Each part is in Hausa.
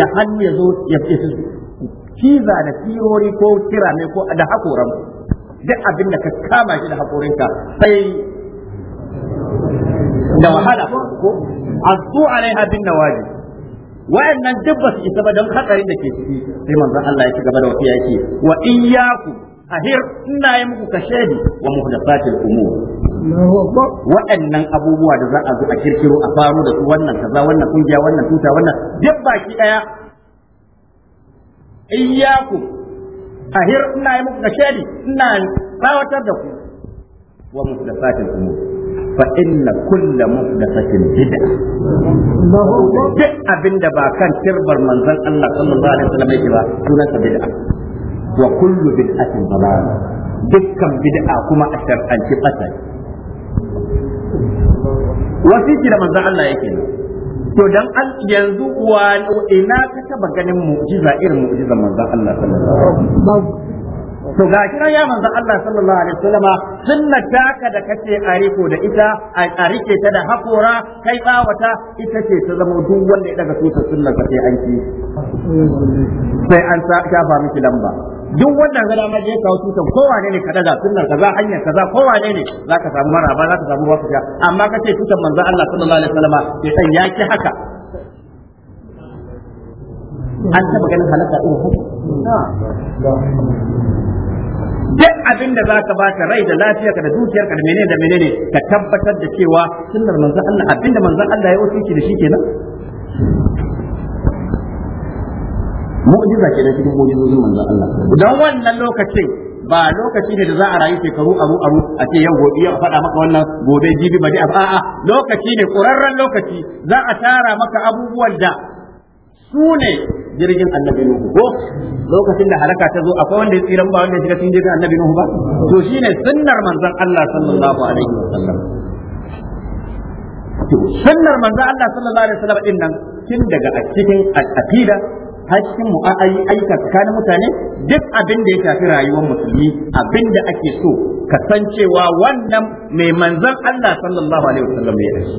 da hannu ya zo ya fito da firori ko kirame ko da hakoran duk abin da ka kama shi da hakorinka sai da wahala ko azu alaiha bin nawaji wa'annan duk ba su isa ba don hatsarin da ke ciki sai manzon Allah ya ci gaba da wasiya yake wa iyyaku ahir ina yi muku kashedi wa muhdathatil umur waɗannan abubuwa da za a zo a kirkiro a faru da su wannan kaza wannan kungiya wannan tuta wannan duk baki Iyaku, iyyaku ahir ina yi muku gashedi ina tsawatar da ku wa muhdathatil umur fa inna kulla muhdathatin bid'a duk abinda ba kan tirbar manzon Allah sallallahu alaihi wasallam yake ba sunansa bid'a wa kullu bid'atin dalal dukkan bid'a kuma a shar'anci fasali wasiki da manzon Allah yake to dan an yanzu wa ina ka taba ganin mu'jiza irin mu'jizan manzon Allah sallallahu alaihi wasallam to ga kiran ya manzo Allah sallallahu alaihi wasallam sunna taka da kace a riko da ita a rike ta da hakora kai tsawata ita ce ta zama duk wanda ya daga tutar sunnar sai an ki sai an shafa miki lamba duk wanda ga dama je kawo tutar wane ne ka daga sunna kaza hanyar kaza wane ne zaka samu maraba zaka samu wasu amma kace tutar manzo Allah sallallahu alaihi wasallam sai ya ki haka an taba ganin halatta ɗin haka duk abin da ba ka rai da lafiya ka da dukiyar ka da menene da menene ka tabbatar da cewa sunnar manzon Allah abin da manzon Allah ya wasiki da shi kenan mu'jiza da cikin mu'jizozin manzon Allah dan wannan lokacin ba lokaci ne da za a rayu shekaru aru aru a ce yau gobe yau faɗa maka wannan gobe jibi ba dai a'a lokaci ne ƙurarren lokaci za a tara maka abubuwan da su ne jirgin annabi nuhu ko lokacin da halaka ta zo akwai wanda ya tsira ba wanda ya shiga cikin jirgin annabi nuhu ba to shine sunnar manzon Allah sallallahu alaihi wasallam to sunnar manzon Allah sallallahu alaihi wasallam din nan tun daga a cikin aqida har cikin aika tsakanin mutane duk abin da ya shafi rayuwar musulmi abin da ake so ka san cewa wannan mai manzon Allah sallallahu alaihi wasallam ya yi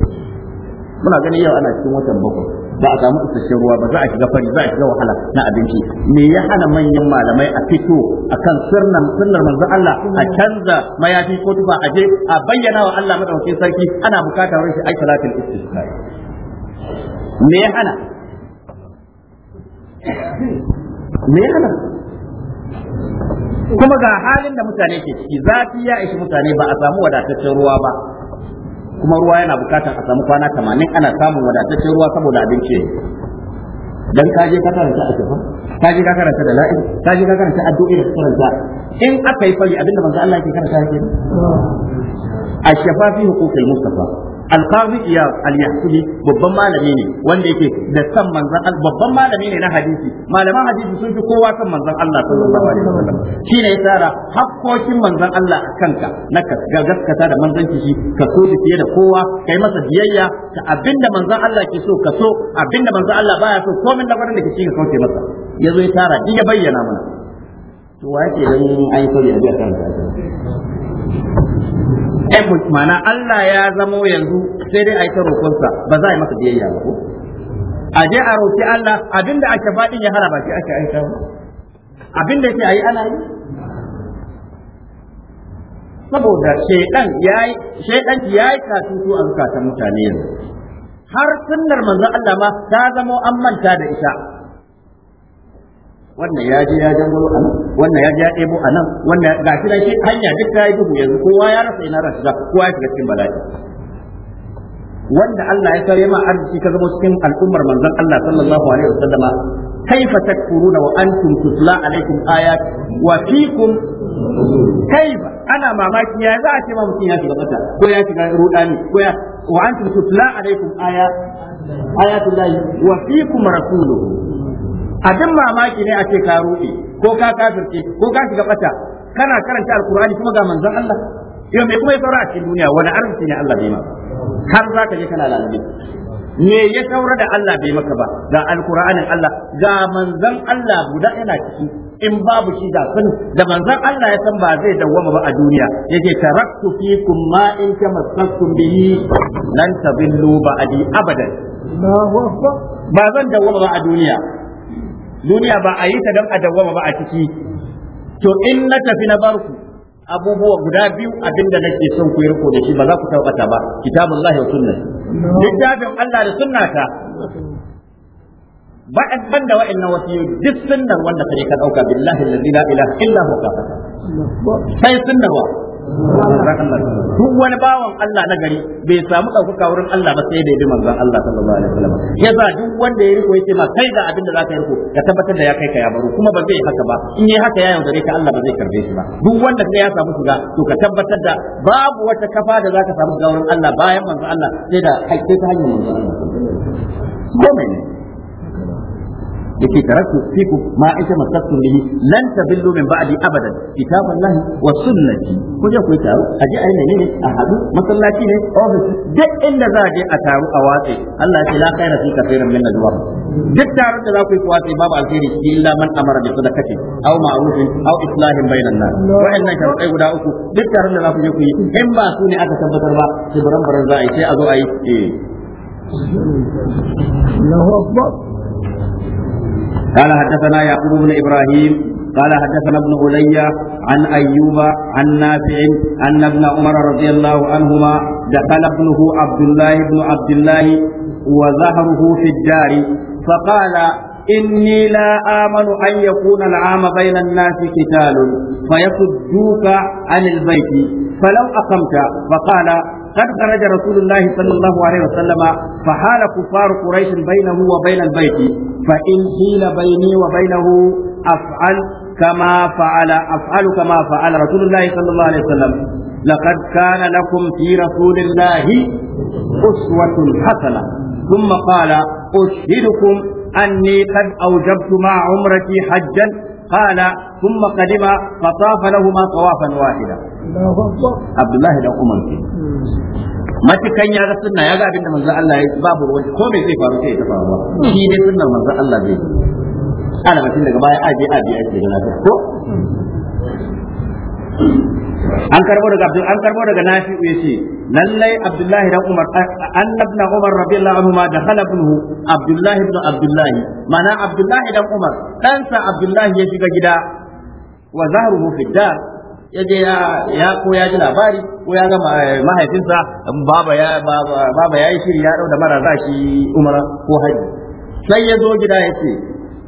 muna ganin yau ana cikin watan bakwai ba a samu isasshen ruwa ba za a shiga fari za a shiga wahala na abinci me ya hana manyan malamai a fito akan sirnan sunnar manzo Allah a canza mayafi ko tufa a je a bayyana wa Allah madaukakin sarki ana bukatar shi ai salatul istisqa me ya hana me ya hana kuma ga halin da mutane ke ciki zafi ya ishi mutane ba a samu wadataccen ruwa ba kuma ruwa yana bukatar a samu kwana 80 ana samun wadataccen ruwa saboda abinci dan ka je ka karanta a gaba ka je ka karanta da la'i ka je ka karanta addu'i da karanta in aka yi fari abinda manzo Allah yake karanta yake hmm. a shafafi hukukul mustafa alqazi iyaz al-yahsubi babban malami ne wanda yake da san manzon babban malami ne na hadisi malaman hadisi sun fi kowa san manzon Allah sallallahu alaihi wasallam shine ya tsara hakkokin manzon Allah a kanka na ka gaskata da manzanci shi ka so da fiye da kowa kai masa biyayya ka abinda manzon Allah ke so ka so abinda manzon Allah baya so komai da da ke ka kauce masa yazo ya tara ya bayyana mana to wace yake dan an yi sauri a ai mana Allah ya zamo yanzu sai dai a yi ta roƙonsa ba za a yi masa biyayya ba ko a je a roƙi Allah abinda ake faɗin ya hana ba shi ake aika ba abinda yake yi ana yi saboda shaidan ya shaidan yayi katutu a zukatan mutane yanzu har sunnar manzon Allah ma ta zamo an manta da ita wannan ya je ya jangolo a nan wannan ya je ya ɗebo a nan wannan ga shi shi hanya duk ta yi duhu yanzu kowa ya rasa ina rasa shiga kowa ya shiga cikin bala'i wanda Allah ya kare ma arziki ka zama cikin al'ummar manzon Allah sallallahu alaihi wasallama kaifa takfuruna wa antum tutla alaikum ayat wa fikum kaifa ana mamaki ya za a ce ma mutum ya shiga mata ko ya shiga rudani ko ya wa antum tutla alaikum ayat ayatullahi wa fikum rasuluhu abin mamaki ne a ce ka ruɗe ko ka kafirce ko ka shiga bata kana karanta alkur'ani kuma ga manzon Allah yau me kuma ya saura a cikin duniya wani arziki ne Allah bai maka har za ka je kana lalabe me ya saura da Allah bai maka ba ga alkur'anin Allah ga manzon Allah guda yana ciki in babu shi da sun da manzon Allah ya san ba zai dawwama ba a duniya yake taraktu fikum ma in tamassaktum bihi lan tabillu ba'di abadan ba zan dawwama ba a duniya duniya ba a yi ta don a dawwama ba a ciki to in na tafi na barku abubuwa guda biyu abinda nake son ku riko da shi ba za ku tabbata ba kitabullahi wa sunna. littafin Allah da sunnata ban da wa'annan wasiyoyi duk sunnar wanda kare ka dauka billahi allazi la ilaha illa huwa sai sunnar wa duk wani bawan Allah na gari bai samu ɗaukaka wurin Allah ba sai da bi manzon Allah sallallahu alaihi wasallam yasa duk wanda ya riko yace ma kai da abin da zaka riko ka tabbatar da ya kai ka ya baro kuma ba zai haka ba in yi haka ya yaudare ka Allah ba zai karbe shi ba duk wanda kai ya samu shiga to ka tabbatar da babu wata kafa da zaka samu shiga wurin Allah bayan manzon Allah sai da haƙƙi ta hanyar manzon Allah yake taraktu fiku ma ita masaktu bihi lan tabillu ba'di abadan kitaballahi wa sunnati ku je ku taro a je ai menene a hadu masallaci ne office duk inda za a je a taru a watsi Allah ya la khaira fi kafirin min najwa duk taron da za ku yi ku watsi babu alheri illa man amara bi sadaqati a ma'rufin aw islahin bainan nas wa'annan sharuɗai guda uku duk taron da za ku je ku yi in ba su ne aka tabbatar ba sai baran baran za a yi sai a zo a yi eh. Allahu قال حدثنا يعقوب بن ابراهيم قال حدثنا ابن علي عن ايوب عن نافع ان ابن عمر رضي الله عنهما دخل ابنه عبد الله بن عبد الله وظهره في الدار فقال إني لا آمن أن يكون العام بين الناس قتال فيصدوك عن البيت فلو أقمت فقال قد خرج رسول الله صلى الله عليه وسلم فحال كفار قريش بينه وبين البيت فإن حيل بيني وبينه أفعل كما فعل أفعل كما فعل رسول الله صلى الله عليه وسلم لقد كان لكم في رسول الله أسوة حسنة ثم قال أشهدكم أني قد أوجبت مع عمرتي حجا قال ثم قدم فطاف لهما طوافا واحدا Abdullahi dan Umar ke hmm. matukan ya ga sunna ya ga abinda manzo Allah ya babu ruwa ko me zai faru sai faru ba. Hmm. shi ne sunnar manzo Allah zai ana mutum daga baya aje aje aje na ta ko hmm. an karbo daga Abdul an karbo daga Nafi yace lallai Abdullahi dan Umar annabna Umar radiyallahu anhu ma dakhala ibnuhu Abdullahi ibn Abdullahi mana Abdullahi dan Umar dan sa Abdullahi ya shiga gida wa zahruhu fi dar ya je ya ko ya ji labari ko ya ga mahaifinsa baba ya baba ya yi shiri ya dau da mara zaki umara ko haji sai ya zo gida ya ce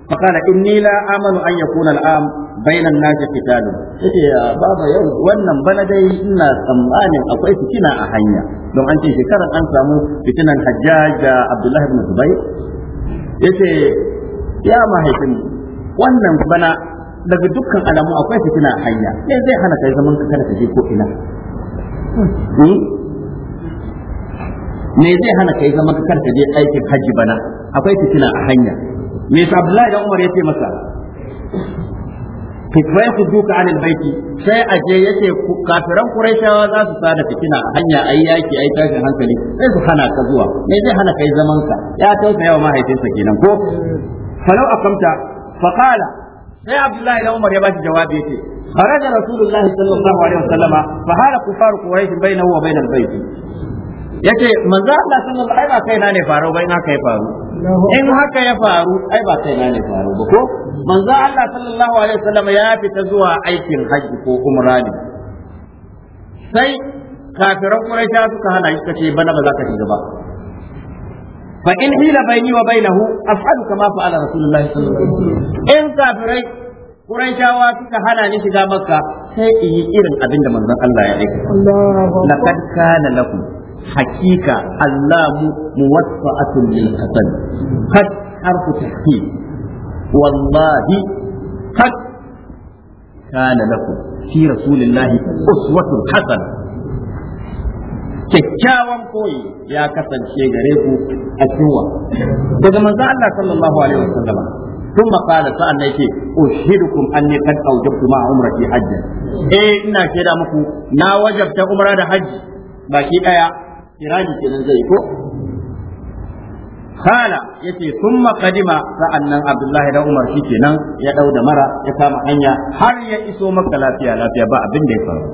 فقال إني amanu آمن أن يكون العام بين الناس قتال yace baba yau wannan bana dai ina tsammanin akwai fitina a hanya don an ce shekaran an samu fitinan Hajjaj da Abdullahi ibn zubayr yace ya mahaifin wannan bana daga dukkan alamu akwai fitina a hanya ne zai hana kai zaman ka kada ka je ko ina hmm? me zai hana kai zaman ka kada ka je aikin haji bana akwai fitina a hanya me sa Abdullahi da Umar yace masa kai ku duka anil baiti sai a je yace kafiran quraishawa za su sada fitina a hanya ai yaki ai tashin hankali sai su hana ka zuwa me zai hana kai zaman ka ya tausaya wa mahaifinsa kenan ko falau akamta faqala sai abdullahi da umar ya bashi jawabi yace kharaja rasulullahi sallallahu alaihi الله fa hala kufar quraish bainahu wa bainal bayt yace manzo Allah sallallahu alaihi ba kai na ne faru bai na kai faru in haka ya faru ai ba kai na ne faru ba ko manzo Allah sallallahu alaihi wasallam ya fita zuwa aikin haji ko umra ne sai kafiran quraish suka hana shi kace bana ba za ka shiga ba fa in hila baini wa bainahu af'alu kama fa'ala rasulullahi sallallahu alaihi wasallam in kafirai Qurayshawa suka hana ni shiga Makka sai in yi irin abin da manzon Allah ya aika laqad kana lakum hakika allamu muwaffa'atun lil qatl qad harfu tahqiq wallahi qad kana lakum fi rasulillahi uswatun hasanah kyakkyawan koyi ya kasance gare ku a kowa daga manzo Allah sallallahu alaihi wasallam tun da sa'an nan yake ushidukum anni kan aujabtu ma umrati hajj eh ina shaida muku na wajabta umra da hajji baki daya kiraji kenan zai ko kala yace summa qadima sa'annan abdullahi da umar kenan ya dau da mara ya kama hanya har ya iso maka lafiya lafiya ba abin da ya faru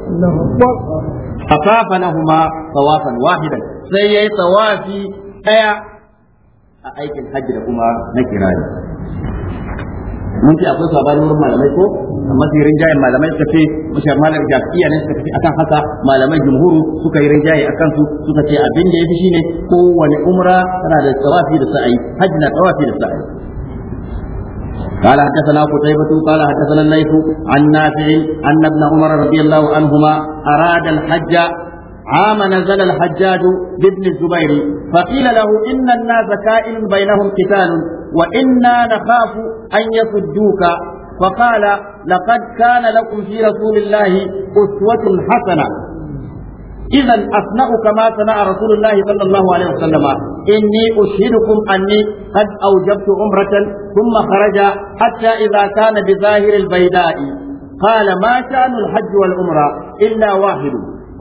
fasafa huma tawafan wahidan sai yayi tawafi daya a aikin hajji da kuma na kirari mun ce akwai sabanin wurin malamai ko amma sai rinjaye malamai suka ce mushar malam jafiya ne suka ce akan haka malamai jumhuru suka yi rinjaye akan su suka ce abin da yafi shine kowane umra tana da tsawafi da sa'ayi hajji na tsawafi da sa'ayi قال حدثنا قتيبة قال حدثنا الليث عن نافع أن ابن عمر رضي الله عنهما أراد الحج عام نزل الحجاج بابن الزبير فقيل له إن الناس كائن بينهم قتال وإنا نخاف أن يصدوك فقال لقد كان لكم في رسول الله أسوة حسنة إذا أصنع كما صنع رسول الله صلى الله عليه وسلم إني أشهدكم أني قد أوجبت عمرة ثم خرج حتى إذا كان بظاهر البيداء قال ما شأن الحج والعمرة إلا واحد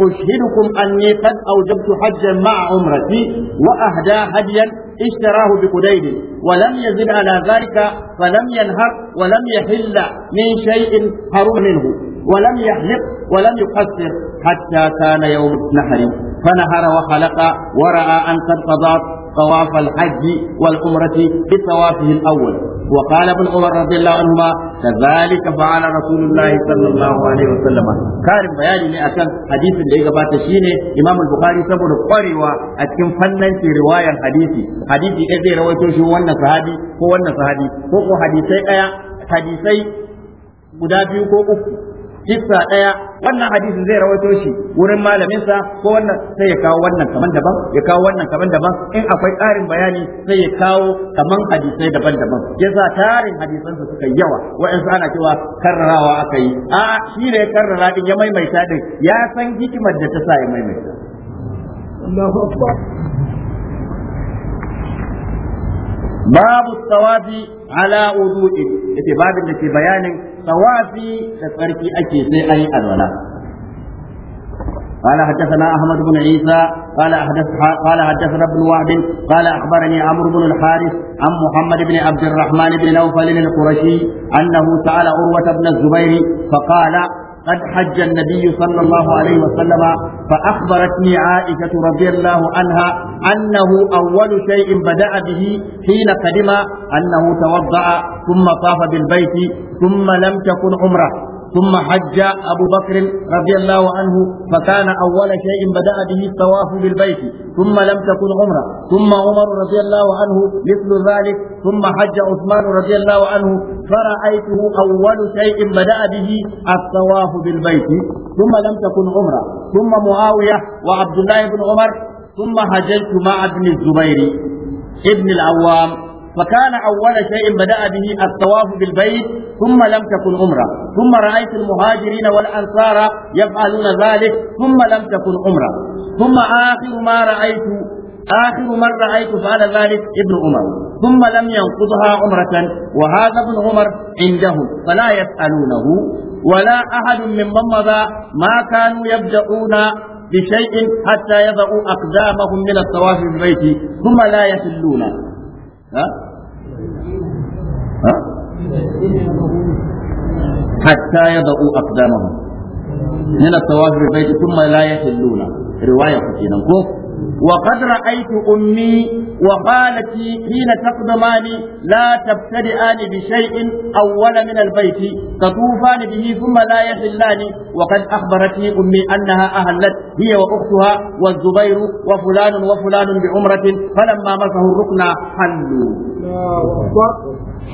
أشهدكم أني قد أوجبت حجا مع عمرتي وأهدى هديا اشتراه بقديد ولم يزد على ذلك فلم ينهر ولم يحل من شيء حرم منه ولم يحلق ولم يقصر حتى كان يوم النحر فنهر وخلق ورأى أن قد قضى طواف الحج والعمرة بطوافه الأول وقال ابن عمر رضي الله عنهما كذلك فعل رسول الله صلى الله عليه وسلم كارم بياني ne akan hadisin da ya gabata shine Imam Bukhari saboda kwarewa a cikin fannin riwayar hadisi hadisi ɗaya zai rawaito shi wannan sahabi ko wannan sahabi ko ko hadisai ɗaya hadisai guda biyu ko uku kissa ɗaya wannan hadisin zai rawaito shi wurin malamin sa ko wannan sai ya kawo wannan kaman daban ya kawo wannan kaman daban in akwai ƙarin bayani sai ya kawo kaman hadisai daban-daban yasa tarin hadisan su suka yawa wa'ansu ana cewa karrarawa aka yi a shi ne karrara din ya maimaita din ya san hikimar da ta sa ya maimaita Allahu akbar babu tsawafi ala wudu'in yace babin da ke bayanin tsawafi da tsarki ake sai ayi alwala قال حدثنا احمد بن عيسى قال حدث قال حدثنا ابن وهب قال اخبرني عمرو بن الحارث عن محمد بن عبد الرحمن بن نوفل القرشي انه سال عروه بن الزبير فقال قد حج النبي صلى الله عليه وسلم فأخبرتني عائشة رضي الله عنها أنه أول شيء بدأ به حين قدم أنه توضأ ثم طاف بالبيت ثم لم تكن عمره ثم حج أبو بكر رضي الله عنه فكان أول شيء بدأ به الطواف بالبيت ثم لم تكن عمرة ثم عمر رضي الله عنه مثل ذلك ثم حج عثمان رضي الله عنه فرأيته أول شيء بدأ به الطواف بالبيت ثم لم تكن عمرة ثم معاوية وعبد الله بن عمر ثم حججت مع ابن الزبير ابن العوام فكان أول شيء بدأ به الطواف بالبيت ثم لم تكن عمرة ثم رأيت المهاجرين والأنصار يفعلون ذلك ثم لم تكن عمرة ثم آخر ما رأيت آخر من رأيت فعل ذلك ابن عمر ثم لم ينقضها عمرة وهذا ابن عمر عندهم فلا يسألونه ولا أحد ممن مضى ما كانوا يبدأون بشيء حتى يضعوا أقدامهم من الطواف بالبيت ثم لا يحلون ha hatta yad'u aqdamahum min at-tawaf bil bayt thumma la kenan ko وقد رأيت أمي وخالتي حين تقدمان لا تبتدئان بشيء أول من البيت تطوفان به ثم لا يحلان وقد أخبرتني أمي أنها أهلت هي وأختها والزبير وفلان وفلان بعمرة فلما مسه الركن حلوا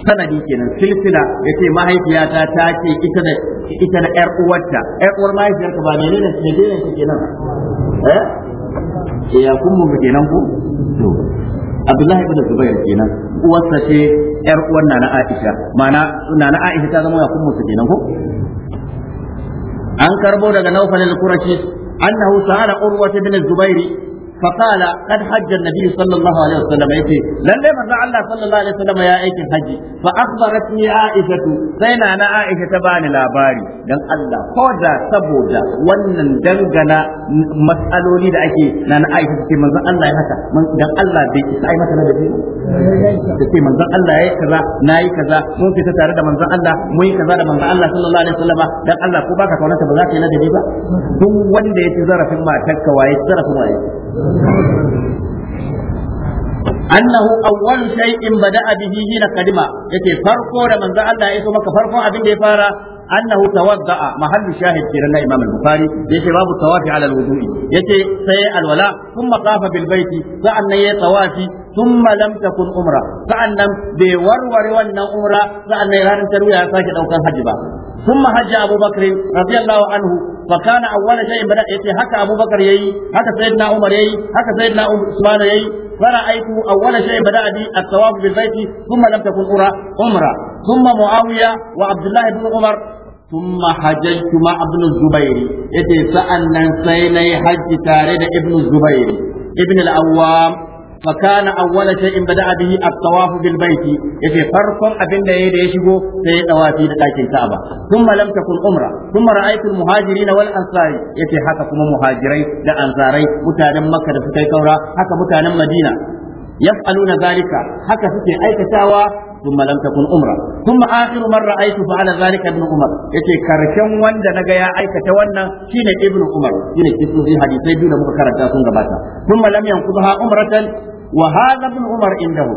sanadi kenan silsila yace mahaifiyata ta ce ita da ita da ƴar uwarta ƴar uwar mahaifiyarka ba menene ne kenan eh Eh, ya kun mun kenan ko to Abdullahi ibn Zubair kenan uwarsa ce yar uwan nana Aisha mana nana Aisha ta zama ya kun mun kenan ko an karbo daga Nawfal al-Qurashi annahu sa'ala Urwa ibn Zubair فقال قد حج النبي صلى الله عليه وسلم يتي لن لما الله صلى الله عليه وسلم يا ايك حج فأخبرتني عائشة سينا أنا عائشة تباني لاباري دان الله فودا سبودا ونن دنغنا مسألوني دا أكي نانا عائشة تكي منزل الله يحكى من دان الله بيكي سعي مثلا بيكي da ce manzon Allah yi kaza na yi kaza mun fita tare da manzon Allah mun yi kaza da manzon Allah sallallahu alaihi wasallam dan Allah ko baka kaunarta ba za ka yi na ladabi ba duk wanda ya ci zarafin matarka waye zarafin waye annahu awwal shay'in bada'a bihi hina kadima yace farko da manzo Allah ya so maka farkon abin da ya fara annahu tawadda'a mahallu shahid kiran na imam al-bukhari yace babu tawafi ala al-wudu'i yace sai alwala kuma qafa bil baiti sa'annan yayi tawafi thumma lam takun umra sa'annan bai warware wannan umra sa'annan ranar tarwiya ya sake daukan haji ba thumma hajja abu bakr radiyallahu anhu fa kana awwala shay'in bada yace haka abu bakr yayi haka sayyidina umar haka فرأيت أول شيء بدأ بي الطواف بالبيت ثم لم تكن عمرة ثم معاوية وعبد الله بن عمر ثم حججت مع ابن الزبير يتي سألنا سيني حج تارد ابن الزبير ابن الأوام فكان أول شيء بدأ به الطواف بالبيت يتي فرقا أبن دايد يشبه سيد أوافي لتاك الكعبة ثم لم تكن أمرة ثم رأيت المهاجرين والأنصار يتي حكى كما مهاجري لأنصاري متانا مكة لفتاي كورا حكى متانا مدينة يفعلون ذلك حكى فتي أي كتاوى ثم لم تكن عمره ثم آخر من رأيت فعل ذلك ابن عمر يتي كركن وند نغا يا أيكة ونا شين ابن عمر شين كتن في حديثي دون مكرر جاسون غباتا ثم لم ينقضها عمرة وهذا ابن عمر عنده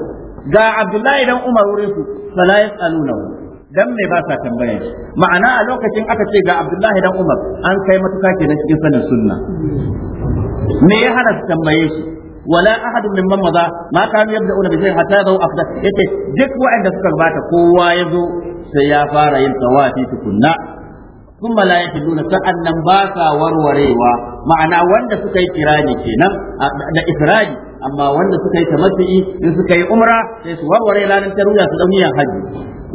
ga Abdullahi dan Umar wurin su fala yasalunahu dan me ba sa tambayar shi ma'ana a lokacin aka ce ga Abdullahi dan Umar an kai matuka kenan cikin sanin sunna me ya hana su tambaye shi wala ahadun mimman maza ma kanu yabda'una bi shay'in hatta yadahu afdal yace duk wa'anda suka gabata kowa ya zo sai ya fara yin tawafi tukunna kuma la yakiduna sa'annan ba sa warwarewa ma'ana wanda suka yi kirani kenan da isra'i amma wanda suka yi tamattu'i in suka yi umra sai su warware ranar taruya su dau niyan haji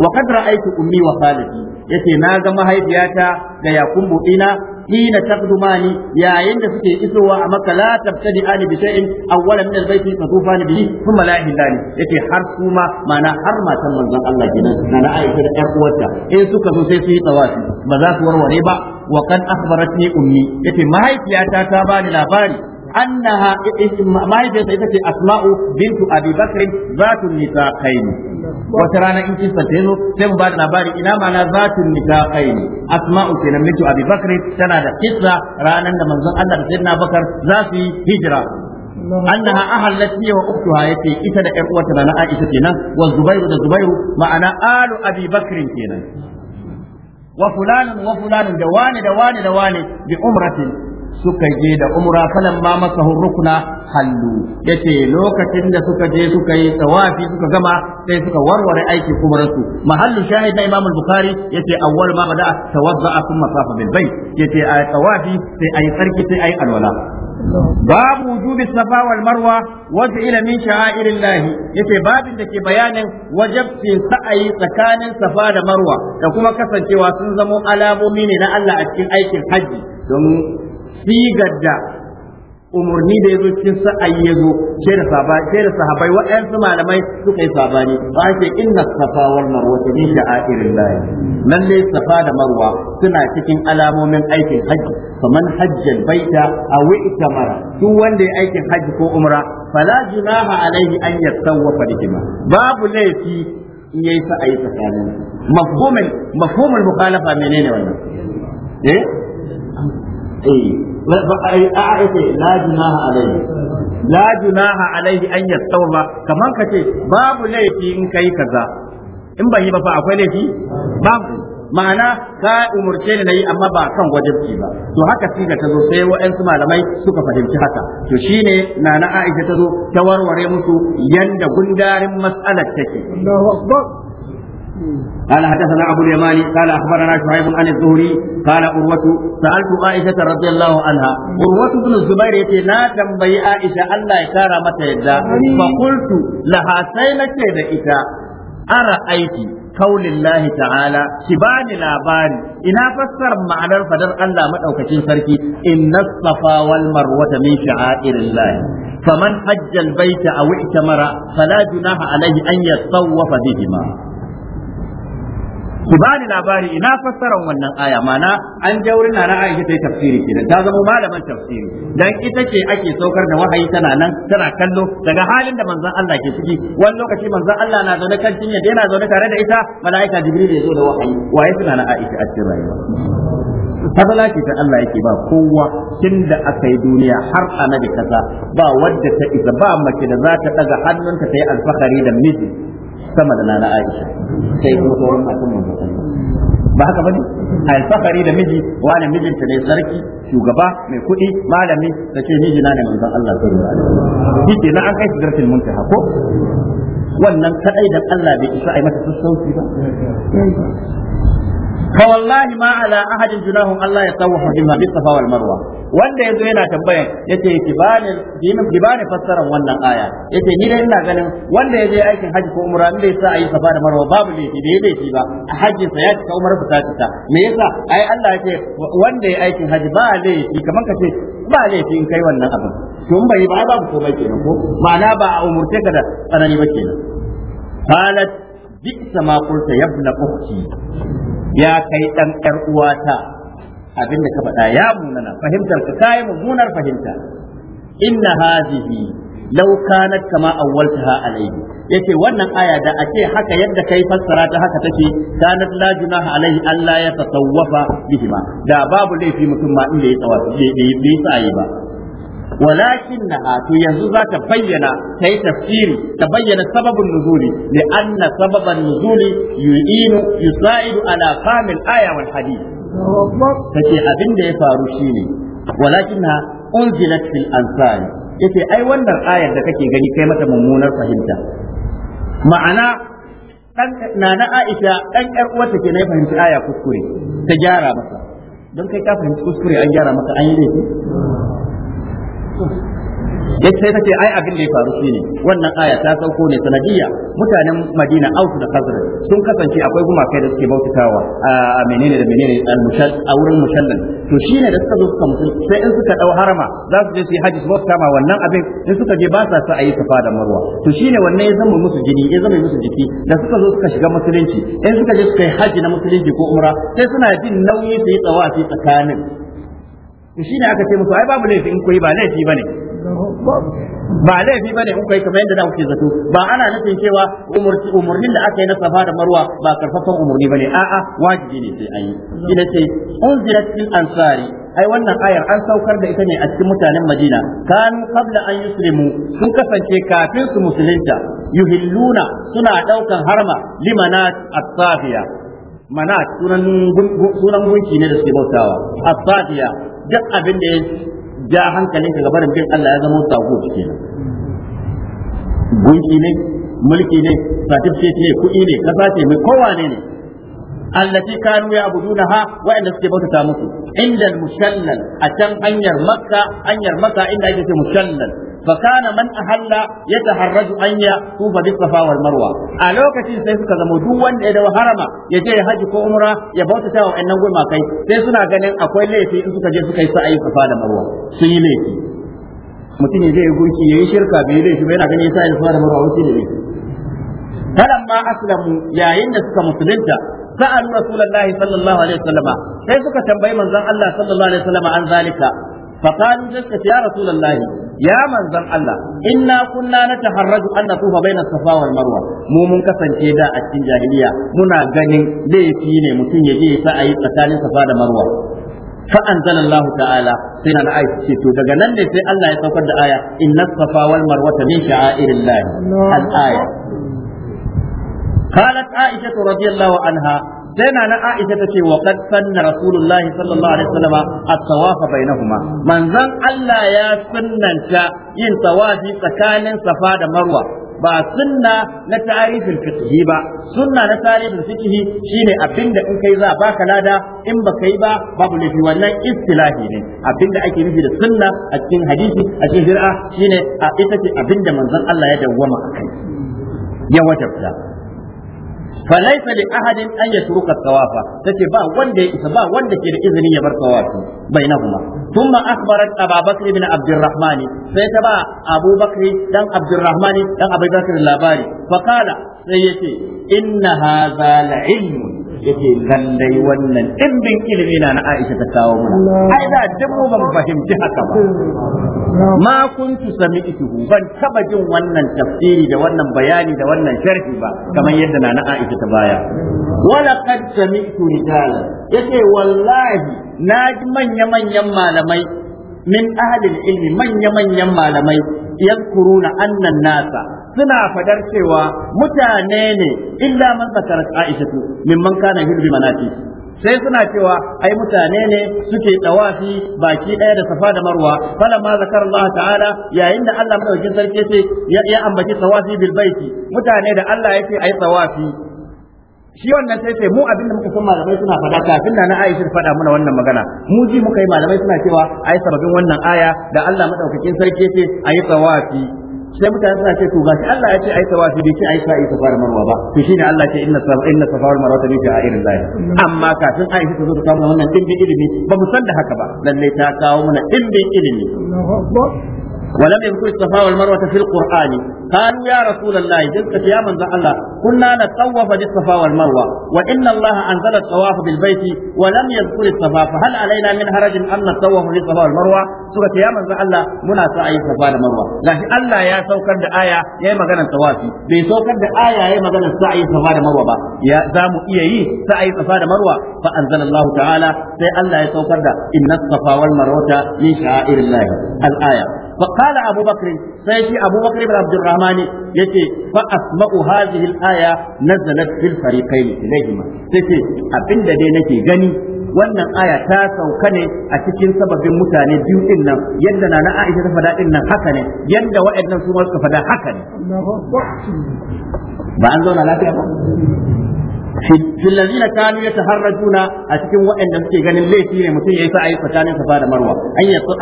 wa qad aikin ummi wa khalati yace na ga mahaifiyata da yakun budina hina taqdumani yayin da suke isowa a maka la tabtadi ali bi shay'in awwalan min albayti fatufa ni bihi thumma la hilani yace har su ma mana har matan Allah kenan na Aisha da ƴan uwarta in suka zo sai su yi tawafi ba za su warware ba wa kan akhbaratni ummi yace mahaifiyata ta bani labari annaha mahaifiyarsa ita ce asma'u bintu abi bakr zatu nifaqaini wata rana in kisa ta zo sai mu bada da labari ina ma na zatun ne asma'u kenan mitu abi bakr tana da kisa ranan da manzon Allah da sayyidina bakar za su yi hijira annaha ahallat wa ukhtuha yati ita da ƴar uwarta na Aisha kenan wa Zubairu da Zubairu ma'ana alu Abi Bakr kenan wa fulanun wa fulanun da wani da wani da wani bi umratin suka je da umra falan ma maka rukna hallu yace lokacin da suka je suka yi tawafi suka gama sai suka warware aiki aikin umrarsu mahallu shahid na imam al-bukhari yace awwal ma bada tawadda thumma safa bil bayt yace a tawafi sai ayi sarki sai ayi alwala باب وجوب الصفا والمروة وجعل من شعائر الله yace babin da ke bayanin wajabcin sa'ayi tsakanin safa da marwa da kuma kasancewa sun zamo alamomi ne na Allah a cikin aikin hajji don sigar da umarni da ya zo cikin sa'ayi ya zo sai da sahabai waɗansu malamai suka yi sabani ba ce inna safa wal marwa ta min sha'airin lahi lalle safa da marwa suna cikin alamomin aikin hajji kaman hajjal baita aw itamara duk wanda ya aikin hajji ko umra fala junaha alaihi an yatawafa bihima babu laifi in yayi sa'ayi tsakanin mafhumul mafhumul mukhalafa menene wannan eh a'ace la junaha alaihi la junaha alaihi an kaman ka ce babu laifi in kai kaza in bai yi ba fa akwai laifi babu ma'ana ka umurce ni nayi amma ba kan wajibci ba to haka siga ta zo sai wa'ansu malamai suka fahimci haka to shine nana Aisha ta zo ta warware musu yanda gundarin mas'alar take Allahu akbar قال حدثنا ابو اليماني قال اخبرنا شعيب عن الزهري قال قروة سالت عائشة رضي الله عنها قروة بن الزبير يتي لا تنبي عائشة الله يكار متى يدا فقلت لها سينك إذا أرأيت kaulin lahi ta'ala ki bani labari ina fassarar ma'anar fadar Allah maɗaukacin sarki inna safa wal marwata min sha'airillah faman hajja al-baita aw i'tamara fala junaha alayhi an yatawwafa bihima ba ni labari ina fassara wannan aya mana an jaurin na Aisha ta tafsiri kenan ta zama malaman tafsiri dan ita ce ake saukar da wahayi tana nan tana kallo daga halin da manzon Allah ke ciki wani lokaci manzon Allah na zaune kan cinya da yana zaune tare da ita malaika Jibril ya zo da wahayi waye suna na Aisha a cikin rayuwa fadala ta Allah yake ba kowa tun da aka yi duniya har a nabi kasa ba wadda ta isa ba mace da za ta daga hannunta ta yi alfahari da miji sama da nana Aisha sai kuma sauran matan manzon ba haka bane alfahari da miji wani mijinta ne sarki shugaba mai kuɗi malami da ce miji na ne manzon Allah sallallahu alaihi wasallam shi na an kai shi mun muntaha ko wannan kadai da Allah bai isa ai mata sassauci ba fa wallahi ma ala ahadin junahum Allah ya tsawafa bil hadith safa wal marwa ya yazo yana tambayan yace kibani kibani fassarar wannan aya yace ni dai ina ganin wanda ya je aikin haji ko umra inda sa ayi safa da marwa babu laifi bai laifi ba a hajjin sa ya cika umar ta cika me yasa ai Allah ya ce wanda yayi aikin haji ba laifi kaman kace ba laifi in kai wannan abin to in bai ba babu komai kenan ko ma'ana ba a umurce ka da tsanani ba kenan qalat bi'sa sama qulta ya ibn ukhti ya kai dan ƴar uwata abin da ka faɗa ya munana fahimtar ka kai mummunar fahimta inna hadhihi law kanat kama awwaltaha alayhi yace wannan aya da ake haka yadda kai fassara ta haka take kanat la junaha alayhi Allah ya tasawwafa bihima da babu laifi mutum ma inda ya tsawafi bai yi ba ولكنها ينزو ذات بينا تي تفسير تبين سبب النزول لأن سبب النزول يعين يساعد على فهم الآية والحديث تتي أبن دي فاروشيني ولكنها أنزلت في الأنصار yace ai wannan ayar da kake gani kai mata mummunar fahimta ma'ana dan nana Aisha dan ƴar uwarta ke na fahimci aya kuskure ta gyara masa don kai ka fahimci kuskure an gyara maka an yi laifi yace sai tace ai abin da ya faru shine wannan aya ta sauko ne sanadiyya mutanen Madina Aus da Khazraj sun kasance akwai gumakai da suke bautatawa a menene da menene al-mushal a wurin mushallan to shine da suka zo suka mutu sai in suka dau harama za su je su yi haji su bauta ma wannan abin in suka je ba sa su ayi safa da marwa to shine wannan ya zama musu jini ya zama musu jiki da suka zo suka shiga musulunci in suka je suka yi haji na musulunci ko umra sai suna jin nauyi su yi tsawafi tsakanin to shine aka ce musu ai babu laifi in koyi ba laifi bane ba laifi bane in koyi kamar yadda da kuke zato ba ana nufin cewa umurnin da aka yi na safa da marwa ba karfafan umurni bane a'a wajibi ne sai an yi shine ce unzirat fil ansari ai wannan ayar an saukar da ita ne a cikin mutanen Madina kanu qabla an yuslimu sun kasance kafin su musulunta yuhilluna suna daukan harma limanat as-safiya manat sunan gunki ne da suke bautawa as-safiya duk abin da ya ja hankalinka ka barin bin Allah ya zama sako kenan gunki ne mulki ne certificate ne kuɗi ne kasa ce mai ne ne allati kanu ya abudunaha wa'anda suke bautata musu inda musallal a can hanyar makka hanyar makka inda ake ce musallal فكان من أهل يتحرج أن يطوف بالصفا والمروة ألو كتير سيسو كذا مدوان إذا وهرما يجي حج كومرا يبوت تاو إن نقول ما كي سيسونا غنين أقوي ليتي إنسو كجيسو كي سأي صفا والمروة سي laifi mutum ya je ya gurki ya yi shirka bai laifi ba yana na gani ya sa ya da marwa wasu ne falamma aslamu yayin da suka musulunta sa'alu rasulullahi sallallahu alaihi wasallama sai suka tambayi manzon Allah sallallahu alaihi wasallama an zalika فقالوا تسكت يا رسول الله يا من ذن الله إنا كنا نتحرج أن نطوف بين الصفا والمروة مو من كسن كيدا أتين جاهلية منا غنين ليفيني متين يجي سأي تسال صفا والمروة فأنزل الله تعالى سنة آية تشيتو دقا نندي في الله يتوقع آية إن الصفا والمروة من شعائر الله الآية قالت عائشة رضي الله عنها سينا أنا عائشة تشي وقد سن رسول الله صلى الله عليه وسلم الطواف بينهما من ظن ألا يا سنن إن توافي سكان صفا مروة ba sunna na tarihin fiqhi ba sunna na tarihin fiqhi shine abinda in kai za baka lada in ba kai ba babu laifi wannan istilahi ne abinda ake nufi da sunna a cikin hadisi a cikin shari'a shine a ita ce abinda manzon Allah ya dawwama kai. ya wajabta falaisa li ahadin an yatruka tawafa tace ba ba wanda ke da izini ya bar tawafi bainahuma thumma akhbarat Abu Bakr ibn Abdurrahman sai ta ba Abu Bakr dan Abdurrahman dan Abu Bakr labari fa kala sai yace inna hadha la ilmun Yake lallai wannan dimbin ilimi na na Aisha ta kawo mana ai da duk mu ba fahimci haka ba ma kuntu sami'tuhu ban taba jin wannan tafsiri da wannan bayani da wannan sharhi ba kamar yadda na na Aisha ta baya wala qad sami'tu rijala yake wallahi na ji manya manyan malamai min ahli ilmi manya manyan malamai yankuruna annan nasa suna fadar cewa mutane ne illa man zakarat Aisha mimman kana hirbi manati sai suna cewa ai mutane ne suke tawafi baki daya da safa da marwa fala ma zakar Allah ta'ala yayin da Allah madaukin sarki ce ya ambaci tawafi bil baiti mutane da Allah yake ai tawafi shi wannan sai sai mu abin da muka san malamai suna faɗa kafin na Aisha fada mana wannan magana mu ji muka yi malamai suna cewa ai sababin wannan aya da Allah madaukakin sarki ce ai tawafi sai mutane suna ce to gashi Allah ya ce ai tawafi bai ce ai sa'i safar marwa ba to shine Allah ce inna safa inna safar marwa ta bi a irin lahi amma kafin Aisha ta zo ta samu wannan bi ilimi ba mu san da haka ba lalle ta kawo mana bi ilimi ولم يذكر الصفا والمروة في القرآن قالوا يا رسول الله جزك يا من الله كنا نتطوف بالصفا والمروة وإن الله أنزل الطواف بالبيت ولم يذكر الصفا فهل علينا من حرج أن نتطوف بالصفا والمروة سورة يا من الله منا سعي الصفا والمروة لكن الله يا سوكر آية يا مغنى الطوافي بي سوكر آية يا مغنى سعي الصفا والمروة با يا زامو إيه سعي الصفا والمروة فأنزل الله تعالى سي الله يا سوكر إن الصفا والمروة من شعائر الله الآية فقال أبو بكر سيدي أبو بكر بن عبد الرحمن يتي فأسمع هذه الآية نزلت في الفريقين إليهما سيدي أبن دينكي غني wannan aya ta sauka ne a cikin sababin mutane biyu ɗinnan, nan yadda na Aisha ta faɗa din haka ne yadda waɗannan su suka faɗa haka ne ba an zauna lafiya ba في الذين كانوا يتهرجون أتكم وإن نسكي غن الليل فيه متين يسا أي فتان صفا مروة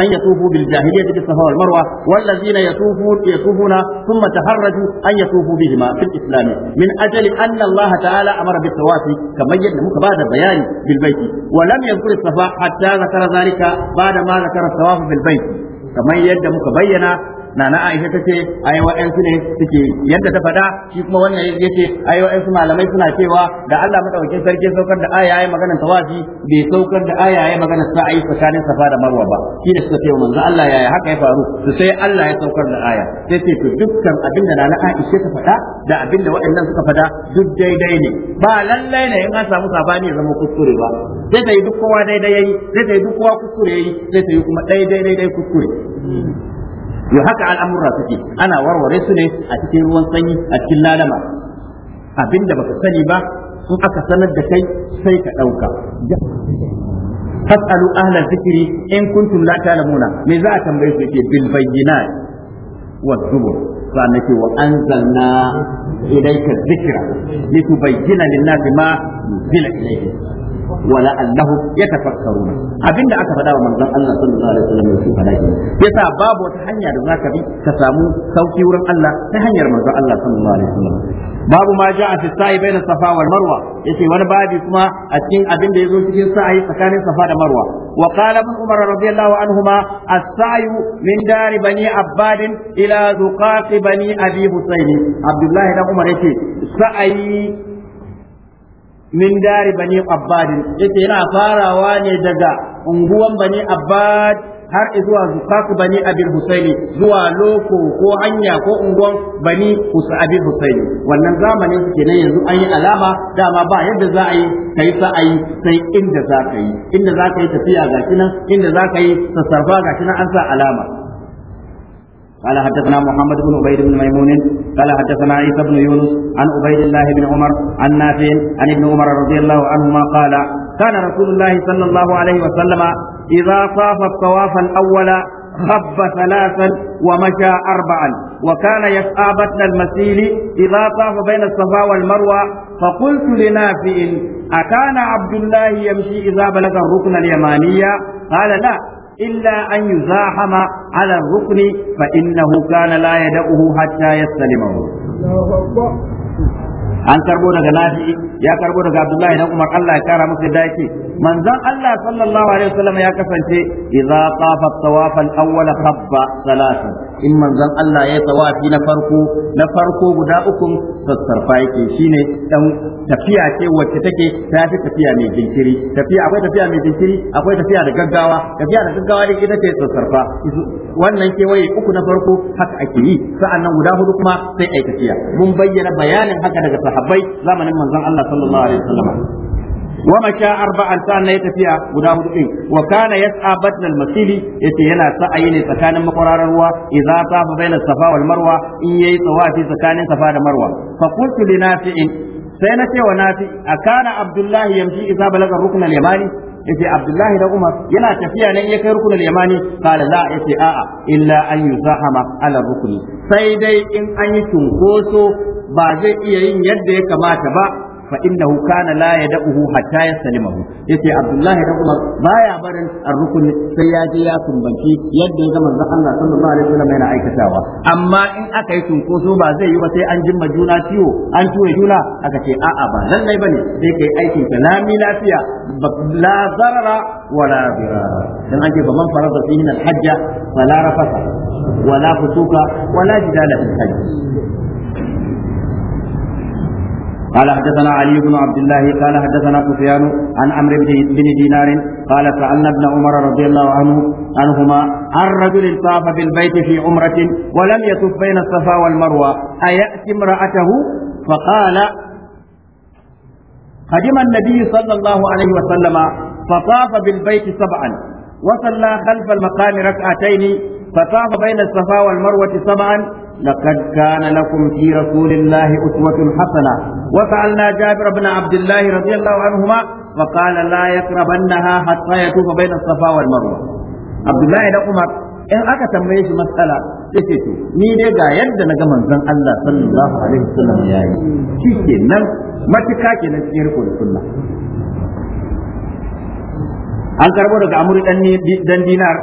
أن يطوفوا بالجاهلية بالصفا والمروة والذين يطوفون يطوفون ثم تهرجوا أن يطوفوا بهما في الإسلام من أجل أن الله تعالى أمر بالطواف كما يدنمك بعد بيان بالبيت ولم يذكر الصفا حتى ذكر ذلك بعد ما ذكر الطواف بالبيت kamar yadda muka bayyana na Aisha ce, ai waɗansu ne suke yadda ta faɗa shi kuma wannan ce, ai waɗansu malamai suna cewa da Allah madaukakin sarki saukar da aya yayi maganar tawafi bai saukar da aya yayi maganar yi tsakanin Safa da Marwa ba shi da suka ce manzo Allah yaya haka ya faru su sai Allah ya saukar da aya sai ce to dukkan abin da na Aisha ta faɗa da abin da waɗannan suka faɗa duk daidai ne ba lallai ne in an samu sabani ya zama kuskure ba sai ta yi duk kowa daidai yayi sai ta yi duk kowa kuskure yayi sai ta kuma daidai daidai kuskure yau haka al'amurra suke ana warware su ne a cikin ruwan sanyi a cikin lalama abinda baka sani ba in aka sanar da kai sai ka ɗauka fasalu ahla zikiri in kuntum la ta'lamuna me za a tambaye su yake bil bayyinat wa zubur sannan ke wa anzalna ilayka dhikra litubayyana lin-nasi ma nuzila ilayhim wala allahu yatafakkaruna abinda aka faɗawa wa manzon Allah sallallahu alaihi wasallam su faɗa shi yasa babu wata hanya da zaka bi ka samu sauki wurin Allah ta hanyar manzon Allah sallallahu alaihi wasallam babu ma ja'a fi sa'i baina safa wal marwa yace wani babi kuma a cikin abinda yazo cikin sa'i tsakanin safa da marwa wa qala ibn umar radiyallahu anhuma as-sa'i min dari bani abbad ila zuqat bani abi husayn abdullahi dan umar yace sa'i min dari bani abbad yace yana farawa ne daga unguwan bani abbad har zuwa zukaku bani abin husaini zuwa loko ko hanya ko unguwan bani husa abin husaini wannan zamanin su kenan yanzu an yi alama dama ba yadda za a yi ka yi yi, sai inda za ka yi inda za ka yi tafiya ga shi nan inda za ka yi sassarfa ga shi nan an sa alama قال حدثنا محمد بن عبيد بن ميمون قال حدثنا عيسى بن يونس عن عبيد الله بن عمر عن نافع عن ابن عمر رضي الله عنهما قال كان رسول الله صلى الله عليه وسلم إذا طاف الطواف الأول خب ثلاثا ومشى أربعا وكان يسعى بطن المسيل إذا طاف بين الصفا والمروة فقلت لنافع أكان عبد الله يمشي إذا بلغ الركن اليمانية قال لا illa an yuzahama ala rukni fa innahu kana la yad'uhu hatta yastalimahu an karbo daga nafi ya karbo daga abdullahi dan umar Allah ya kara masa daki manzon Allah sallallahu alaihi wasallam ya kasance idza tafa tawaf al-awwal khabba salatu in manzon Allah ya tawafi na farko na farko guda uku sassarfa yake shine dan tafiya ce wacce take ta fi tafiya mai jinkiri tafiya akwai tafiya mai jinkiri akwai tafiya da gaggawa tafiya da gaggawa din ita ce sassarfa wannan kewaye uku na farko haka ake yi sa'annan guda hudu kuma sai ai tafiya mun bayyana bayanin haka daga sahabbai zamanin manzon Allah sallallahu alaihi wasallam wa masha arba'an sa'an ya tafiya guda hudu din wa kana yas'a batna masili yace yana sa'ayi ne tsakanin makwararar ruwa safa baina safa wal marwa in yayi tsawafi tsakanin safa da marwa fa qultu li nafi'in sai na ce wa nafi akana abdullahi yamshi idza balaga rukn al-yamani yace abdullahi da umar yana tafiya na ya kai rukun al-yamani yace a'a illa an yuzahama ala sai dai in an yi cunkoso ba zai iya yin yadda ya kamata ba fa innahu kana ya yad'uhu hatta Ya ce abdullahi da umar baya barin ar-rukun sai ya je ya sumbanci yadda ya ga manzon Allah sallallahu alaihi wasallam yana aikatawa amma in aka yi tunkoso ba zai yi ba sai an jima juna ciwo an ciwo juna aka ce a'a ba lallai ne, sai kai aikin ka lami lafiya la zarara wala dirara dan ake ba man farada fihi al-hajja fala rafasa wala fusuka wala jidala fil hajj قال حدثنا علي بن عبد الله قال حدثنا سفيان عن عمرو بن دينار قال سألنا ابن عمر رضي الله عنه عنهما عن رجل طاف بالبيت في عمرة ولم يطف بين الصفا والمروة أيأتي امرأته فقال قدم النبي صلى الله عليه وسلم فطاف بالبيت سبعا وصلى خلف المقام ركعتين فطاف بين الصفا والمروة سبعا لقد كان لكم في رسول الله أسوة حسنة وسألنا جابر بن عبد الله رضي الله عنهما فقال لا يقربنها حتى يطوف بين الصفا والمروة عبد الله بن عمر in aka tambaye shi matsala sai ce to ni dai ga yadda na ga manzan Allah sallallahu alaihi wasallam yayi shi kenan matuka kenan cikin riko da sunna an karbo daga amuri dan dinar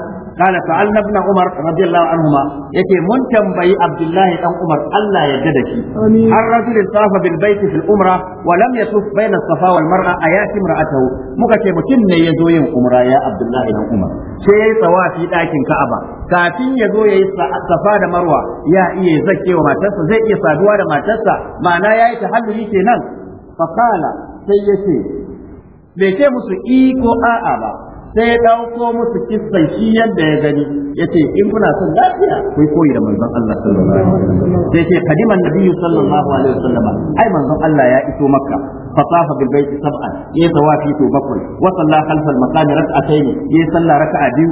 قال سألنا ابن عمر رضي الله عنهما يتي من تنبي عبد الله بن عمر ألا يجدك هل رجل طاف بالبيت في الأمرة ولم يطوف بين الصفا والمرأة آيات امرأته مكتي متن يزوي أمرا يا عبد الله بن عمر شيء طوافي لكن كعبة kafin ya zo ya yi safa da marwa ya iya zake wa matarsa zai iya saduwa da matarsa ma'ana ya yi tahalluli kenan fakala sai ya ce bai ce musu iko a'a ba sai ya dauko musu kissan shi yadda ya gani yace in kuna son lafiya kai koyi da manzon Allah sallallahu alaihi wasallam sai ce kadiman nabiyyu sallallahu alaihi wasallam ai manzon Allah ya iso makka fasafa bil baiti sab'an ya tawafi to bakwai wa salla khalfal maqami rak'atayn ya salla raka'a biyu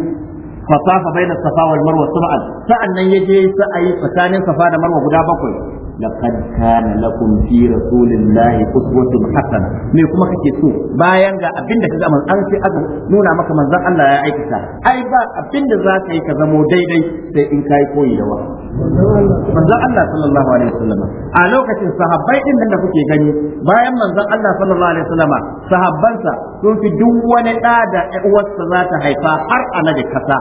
fasafa baina safa wal marwa sab'an sa'annan yaje sa'ayi tsakanin safa da marwa guda bakwai laqad kana lakum fi rasulillahi uswatun hasana me kuma kake so bayan ga abinda kaga man an sai aka nuna maka manzon Allah ya aikata ai ba abinda za ka ka zamo daidai sai in kai koyi da wa manzon Allah sallallahu alaihi wasallam a lokacin sahabbai din da kuke gani bayan manzon Allah sallallahu alaihi wasallam sahabbansa sun fi duk wani da da uwarsa za ta haifa har a da kasa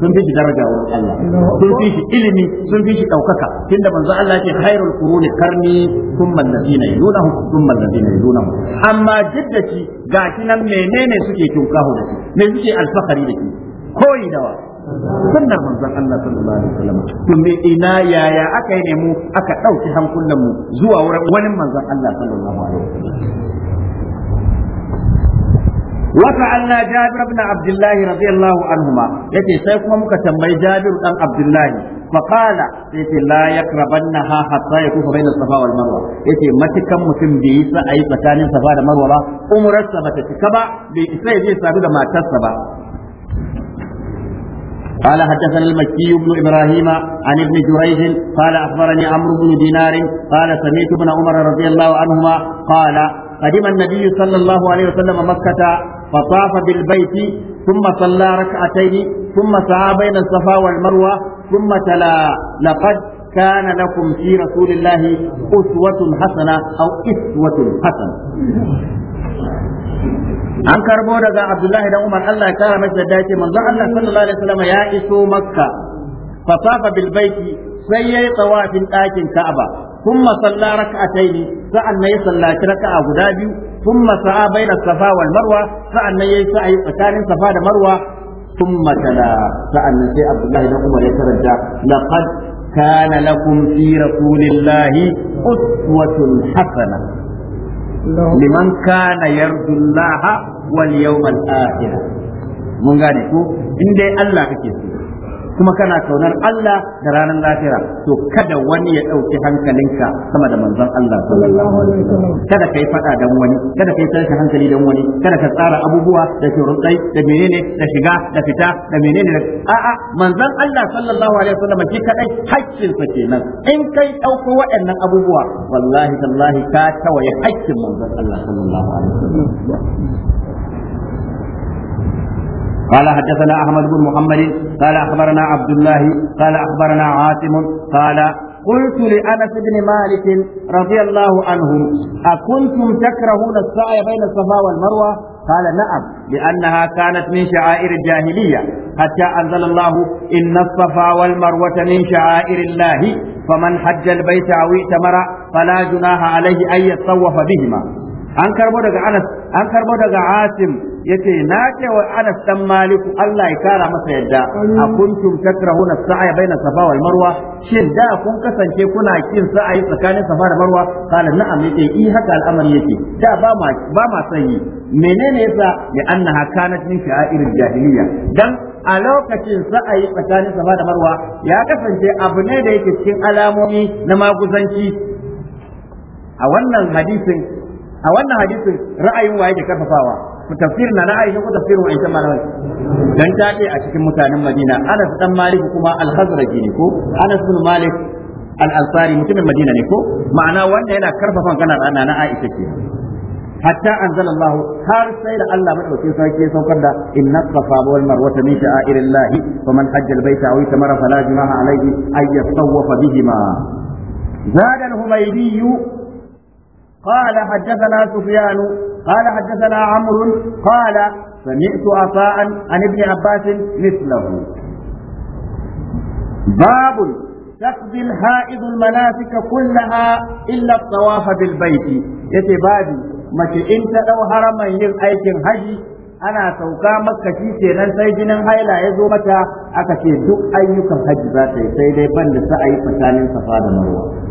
sun fi shi daraja wurin Allah sun fi shi ilimi sun fi shi daukaka tunda manzo Allah ce khairul quruni karni thumma allazina yunahum thumma allazina yunahum amma jiddati ga kinan menene suke tunkaho da shi me suke alfakari da shi koyi dawa sunnar manzon Allah sallallahu alaihi wasallam to me ina yaya aka yi ne mu aka dauki hankulan mu zuwa wurin wani manzon Allah sallallahu alaihi wasallam وسألنا جابر بن عبد الله رضي الله عنهما يتي سيكما مكتمي جابر بن عبد الله فقال يتي لا يقربنها حتى يكون بين الصفا والمروة يتي ما تكم متم بيسا أي مكان الصفا والمروة أمر السبا تتكبا بإسا يجي سابدا ما تسبا قال حدثنا المكي بن ابراهيم عن ابن جريج قال اخبرني عمرو بن دينار قال سمعت ابن عمر رضي الله عنهما قال قدم النبي صلى الله عليه وسلم مكة فطاف بالبيت ثم صلى ركعتين ثم سعى بين الصفا والمروة ثم تلا لقد كان لكم في رسول الله أسوة حسنة أو إسوة حسنة an karbo daga abdullahi dan umar Allah ya kara masa da yake manzo Allah sallallahu alaihi wasallam ya iso makka fasafa bil baiti sai yayi tawafin ɗakin ka'aba thumma salla rak'atayn sa'annan ya sallaci raka'a guda biyu thumma sa'a baina safa wal marwa sa'annan yayi sa'i tsakanin safa da marwa thumma tala sa'annan sai abdullahi dan umar ya karanta laqad kana lakum fi rasulillahi uswatun hasana liman kana yarju Allah wal yawmal akhir mun gane ko in dai Allah kake so kuma kana kaunar Allah da ranar lahira to kada wani ya ɗauki hankalinka sama da manzon Allah sallallahu alaihi wasallam kada kai fada dan wani kada kai tashi hankali dan wani kada ka tsara abubuwa da shurutai da menene da shiga da fita da menene da a'a manzon Allah sallallahu alaihi wasallam shi kadai haƙƙin sa kenan in kai ɗauko waɗannan abubuwa wallahi tallahi ka tawaye haƙƙin manzon Allah sallallahu alaihi wasallam قال حدثنا أحمد بن محمد قال أخبرنا عبد الله قال أخبرنا عاصم قال قلت لأنس بن مالك رضي الله عنه أكنتم تكرهون السعي بين الصفا والمروة قال نعم لأنها كانت من شعائر الجاهلية حتى أنزل الله إن الصفا والمروة من شعائر الله فمن حج البيت أو ائتمر فلا جناح عليه أن يتصوف بهما an karbo daga Anas an karbo daga Asim yace na ce wa Anas dan Maliku Allah ya kara masa yadda a kuntum takrahuna sa'a baina safa wal marwa shin da kun kasance kuna kin sa'a tsakanin safa da marwa kana na'am yace i haka al'amari yake da ba ma ba ma sanyi menene yasa ya annaha kanat min sha'ir jahiliya dan a lokacin sa'ayi tsakanin safa da marwa ya kasance abu ne da yake cikin alamomi na maguzanci a wannan hadisin a wannan hadisin ra'ayin waye ke karfafawa tafsir na Aisha ko tafsirin Aisha malamai dan ta a cikin mutanen Madina Anas dan Malik kuma al ne ko Anas bin Malik Al-Ansari mutumin Madina ne ko ma'ana wanda yana karfafan kana rana na Aisha ke hatta anzalallahu har sai da Allah madaukakin sarki ya saukar da inna safa wal marwa min sha'airillah faman hajja al-baita aw itamara fala junaha alayhi ay yatawwafa bihima زاد الهميدي قال حدثنا سفيان قال حدثنا عمرو قال سمعت عفاء عن ابن عباس مثله باب تقضي الحائض المناسك كلها إلا الطواف بالبيت yace babu mace in ta ɗau haraman yin aikin haji ana sauka maka shi sai jinin haila ya zo mata aka ce duk ayyukan haji za ta yi sai dai banda sa ayi tsakanin safa da marwa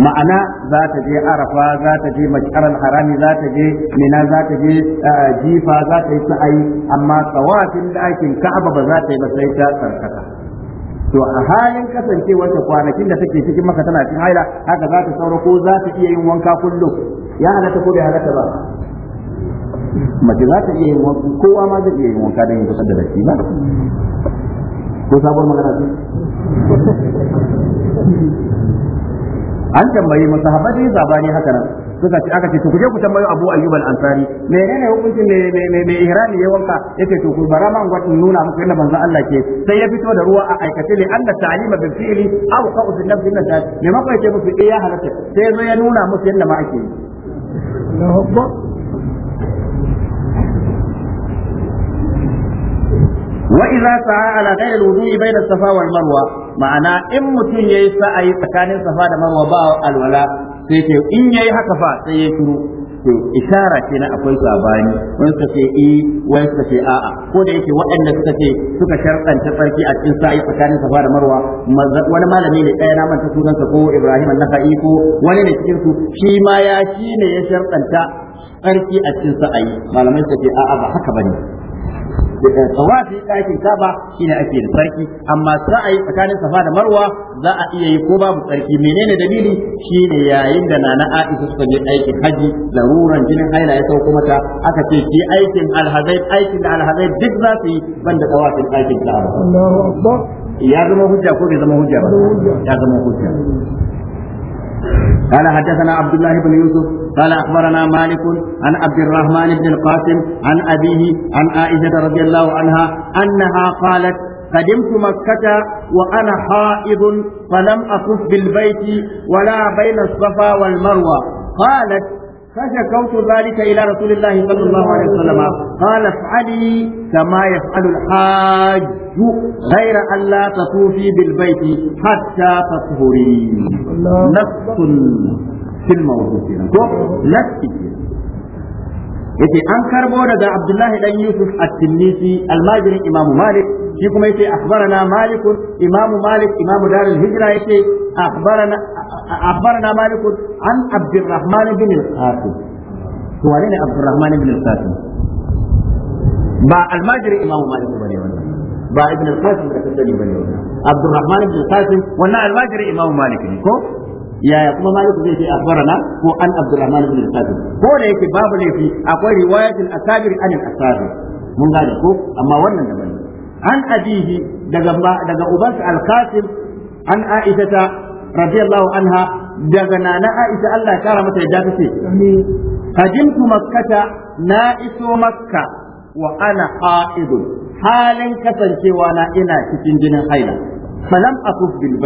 ma'ana za ta je arafa za ta je masharar harami za ta je mina za ta je eh, jifa za ta yi sa'ayi amma tsawafin ɗakin ka'aba ba za ta yi ba sai ta tsarkaka to a halin kasancewar ta kwanakin da take cikin maka tana cikin haila haka za ta sauro ko za ta iya yin wanka kullum ya halatta ko bai halatta ba mace za ta iya yin wanka kowa ma zai iya yin wanka don yin kusa da rashi ba ko sabuwar magana an tambayi musahabai sun zabani haka nan suka ce aka ce to kuje ku tambayi Abu Ayyub al-Ansari ne hukuncin me me me me ihrami ya wanka Yake to ku bara man gwat nuna muku inda manzon Allah ke sai ya fito da ruwa a aikace ne Allah ta'alima bil fi'li aw qawd an nafs inna ta'at me mako ce musu eh ya halatta sai zo ya nuna musu yadda ma ake وإذا سعى على غير الوضوء بين الصفا والمروة ma'ana in mutum yayi sa'ayi tsakanin safa da marwa ba alwala sai ce in yayi haka fa sai ya shiru to isara ce na akwai sabani wani suka ce i eh, wani suka ce a'a ko da yake waɗanda suka ce suka sharɗanta tsarki a cikin sa'i tsakanin safa da marwa wani malami ne ɗaya na manta sunansa ko ibrahim an ko wani ne cikin su shi ma ya shi ne ya sharɗanta tsarki a cikin sa'ayi malamai suka ce a'a ba haka bane tawafi ɗakin kaba shine ake da sarki amma a yi tsakanin safa da marwa za a iya yi ko babu sarki menene dalili shine yayin da nana Aisha suka je aikin haji laruran jinin haila ya sauko mata aka ce ki aikin alhazai aikin da alhazai duk za su yi ban banda tawafin ɗakin kaba ya zama hujja ko bai zama hujja ba ya zama hujja قال حدثنا عبد الله بن يوسف قال اخبرنا مالك عن عبد الرحمن بن القاسم عن ابيه عن عائشه رضي الله عنها انها قالت قدمت مكة وأنا حائض فلم أقف بالبيت ولا بين الصفا والمروة قالت فشكوت ذلك إلى رسول الله صلى الله عليه وسلم قال افعلي كما يفعل الحاج غير أن لا تطوفي بالبيت حتى تطهري نفس في الموضوع نفس yace an karbo daga Abdullahi dan Yusuf at-Tinnisi al-Majri Imam Malik shi kuma yace akhbarana Malik Imam Malik Imam Dar hijra yace akhbarana akhbarana Malik an Abdurrahman bin al-Qasim to wane ne Abdurrahman bin al-Qasim ba almajiri majri Imam Malik bane wannan ba ibn al-Qasim da kasani bane wannan Abdurrahman bin al-Qasim wannan al Imam Malik ne ko yaya kuma malik zai ce akbarana ko an abdurrahman bin al-sabir ko da yake babu laifi akwai riwayatul asabir an al-asabir mun gane ko amma wannan da bane an abihi daga daga ubas al-qasim an aisha radiyallahu anha daga nana aisha Allah ya kara mata yadda tace hajimtu makkata na iso makka wa ana haidun halin kasancewa na ina cikin jinin haila falam atuf bil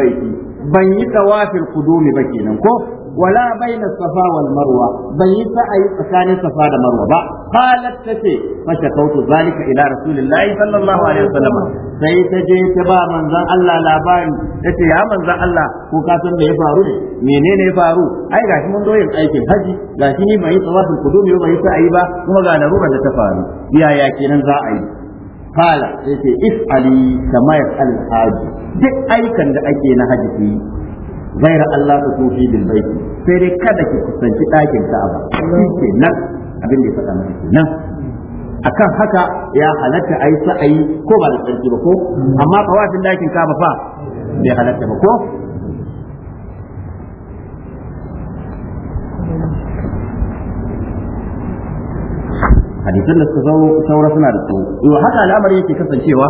ban yi tawafil qudumi ba kenan ko wala baina safa wal marwa ban yi sa'ayi tsakanin safa da marwa ba qalat tace fa shakautu zalika ila rasulillahi sallallahu alaihi wasallam sai ta je ta ba manzon Allah labari tace ya manzon Allah ko ka san me ya faru ne menene ya faru ai gashi mun doyin aikin hajji. gashi ni ban yi tawafil qudumi ba ban yi sa'ayi ba kuma ga larurar da ta faru yaya kenan za a yi qala yace if'ali kama yaf'al haji duk aikan da ake na haji ki غير الله تطوفي بالبيت sai dai kada ki kusanci ɗakin Ka'aba shi nan abin da ya faɗa maka nan akan haka ya halarta a yi sa'ayi ko ba da tsarki ba ko amma kawafin ɗakin Ka'aba fa bai halarta ba ko hadisan da suka zo saura suna da tsawo Yau haka al'amari yake kasancewa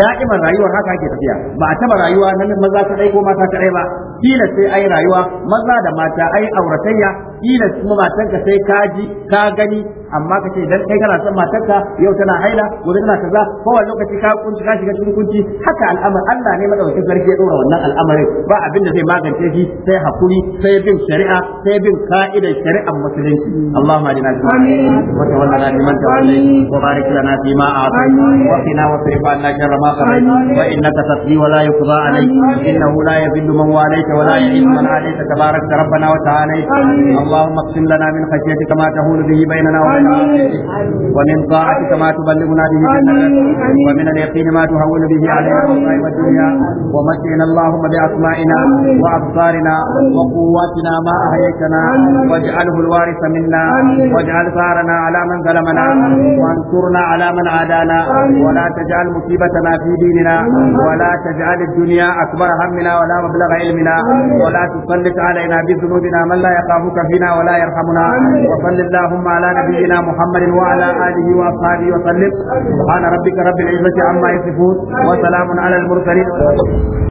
da'iman rayuwar haka ake tafiya ba a taba rayuwa na maza ta ko mata ta ba kila sai ai rayuwa maza da mata ai auratayya kila kuma matanka sai ka ji ka gani amma ka ce dan kai kana son matarka yau tana haila gobe tana kaza kowane lokaci ka kunci ka shiga cikin kunci haka al'amar Allah ne madaukakin sarki ya dora wannan al'amarin ba abin da zai magance shi sai hakuri sai bin shari'a sai bin ka'idar shari'ar musulunci Allahumma adina fi wa tawallana fi man tawallai wa barik lana fi ma a'tayt wa qina wa sirif anna sharra wa innaka tasbi wa la yuqda alayk innahu la yadhillu man walayta ولا يعين من عليك تبارك ربنا وتعالى اللهم اقسم لنا من خشيتك ما تهون به بيننا وبين عافيتك ومن طاعتك ما تبلغنا به ومن اليقين ما تهون به علينا مصائب الدنيا ومتعنا اللهم باسمائنا وابصارنا وقواتنا ما احييتنا واجعله الوارث منا واجعل ثارنا على من ظلمنا وانصرنا على من عادانا ولا تجعل مصيبتنا في ديننا ولا تجعل الدنيا اكبر همنا ولا مبلغ علمنا ولا تسلط علينا بذنوبنا من لا يخافك فينا ولا يرحمنا وصل اللهم على نبينا محمد وعلى اله واصحابه وسلم سبحان ربك رب العزه عما يصفون وسلام على المرسلين